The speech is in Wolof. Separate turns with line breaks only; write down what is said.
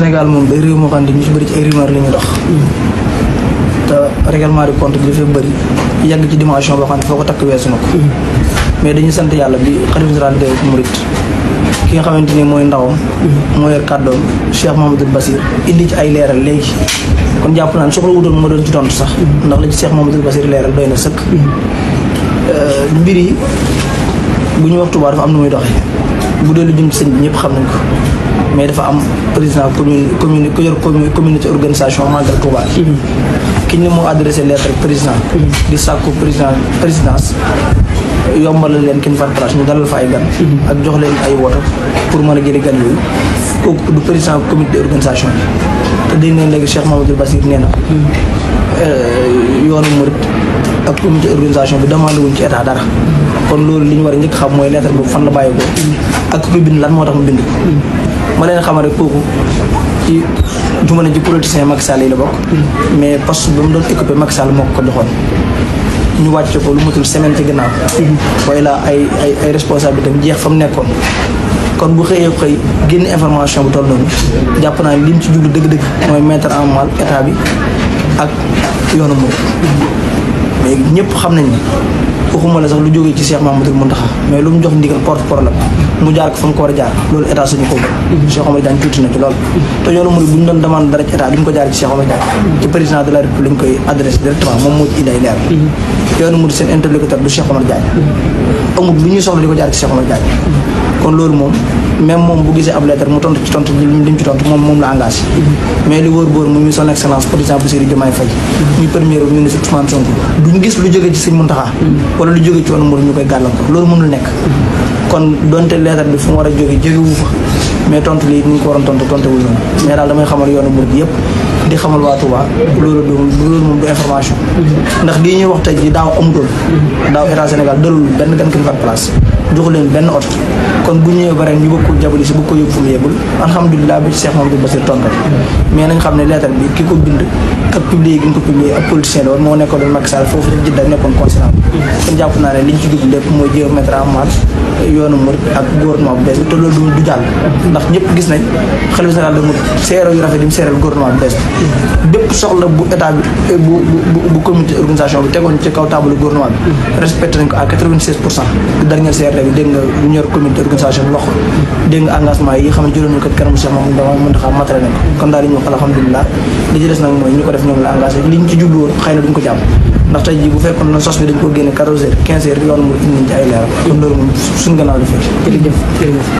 Sénégal moom day réew moo xam ne ci bëri ci ay rumeur la ñuy dox. te règlement de compte bi dafay bëri yàgg ci dimension boo xam ne foo ko takk weesu na ko. mais dañu sant yàlla bi xalifa général ki nga xamante ni mooy ndawam. moo yor kàddoom Cheikh Mamadou Bassir indi ci ay leeral léegi. kon jàpp naan ne soxla wutoon moo doon ci tontu sax. ndax la ci seex Cheikh Mamadou Bassir leeral doy na sëkk. Euh, mbir yi bu ñu wax Tuubaa dafa am nu muy doxee bu dee lu jëm ci sëñ bi ñëpp xam nañ ko. mais dafa am président commune commune ku yor communauté organisation Magal Touba. Mhm. ki ñu moo adressé lettre président. Mhm. di sàkku président présidence. yombal leen kin far place ñu dalal fa ay gan mhm. ak jox leen ay woto pour mën a jëli gan yooyu kooku du président comité d'organisation bi te dañ ne léegi Cheikh Mamadou Bassir nee na euh, yoonu murit ak comité d'organisation bi demandé wuñ ci état dara kon loolu li ñu war a njëkk xam mooy lettre boobu fan la bàyyi ko ak ku bind lan moo tax mu ma leen xamal rek kooku ci du ma ne ci politicien Macky yi la bokk. mais poste ba mu doon occupé Macky Sall moo ko ko joxoon. ñu wàcce ko lu matul semaine ci gannaaw. waaye la ay ay ay responsabilités mu jeex fa mu nekkoon. kon bu xëyee xëy génn information bu toll noonu jàpp naa li mu ci jublu dëgg-dëgg mooy mettre en mal état bi ak yoonu moom. mais ñëpp xam nañ ni waxuma la sax lu jógee ci Cheikh Mamadou Mountakha mais lu mu jox ndigal porte problème mu jaar ko fa mu ko war a jaar loolu état suñu ko Cheikh Omar Diagne bu ñu doon demande dara ci jaar ci koy adressé directement moom moo indi ay leer mhm. yoonu murid seen interlocuteur du Cheikh Omar Diagne mhm. amul lu ñuy soxla di ko jaar ci Cheikh Omar Diagne kon loolu moom même moom bu gisee ab lettre mu tontu ci tontu li ci tontu moom moom la engagé. mais li wóor boor mu muy son excellence président Bassirou Diomaye Faye. muy premier ministre Ousmane Sonko duñ gis lu jóge ci sëñ Mountakha. wala lu jóge ci woon Mouride ñu koy gàllankoor loolu mënul nekk. kon donte lettre bi fu mu war a jóge jóge wu fa mais tontu lii ni ñu ko waroon tontu tontu wul noonu mais daal damay xamal yoonu Mouride yëpp. di xamal waa Touba loolu du loolu moom du information ndax lii ñuy wax tey ji daaw amutoon daaw état Sénégal dalul benn vingt-quatre place joxu leen benn oto kon bu ñëwee ba ren ñu bëgg ko jabali si bëgg ko yóbbu fu mu yóbbul alhamdulilah bi Cheikh Mamadou mais nañ xam ne lettre bi ki ko bind ak publier gi ko publier ak politicien la moo nekkoon Macky Sall foofu ci jidda nekkoon consulant kon jàpp naa ne liñ ci dugg lépp mooy jéem mettre en marche yoonu murit ak gouvernement bu bees bi te loolu jàll ndax ñëpp gis nañ xalifa général de murit seero yu bépp soxla bu état bi eh, bu bu bu comité organisation bi tegoon ci kaw taabalu gouvernement bi. respecté nañ ko à dernier CRD bi dégg nga ñor comité organisation loxo. dégg engagement yi xam ne jëloon nañ ko kanamu ko. li ci des nag mooy ñu ko def ñoom la engagé li ñu ci jublu woon na duñ ko jàpp. ndax tey jii bu fekkoon na sos bi dañ ko génne 14 heures 15 heures yoon mu indi ci ay leeral. suñ gannaaw di fekk.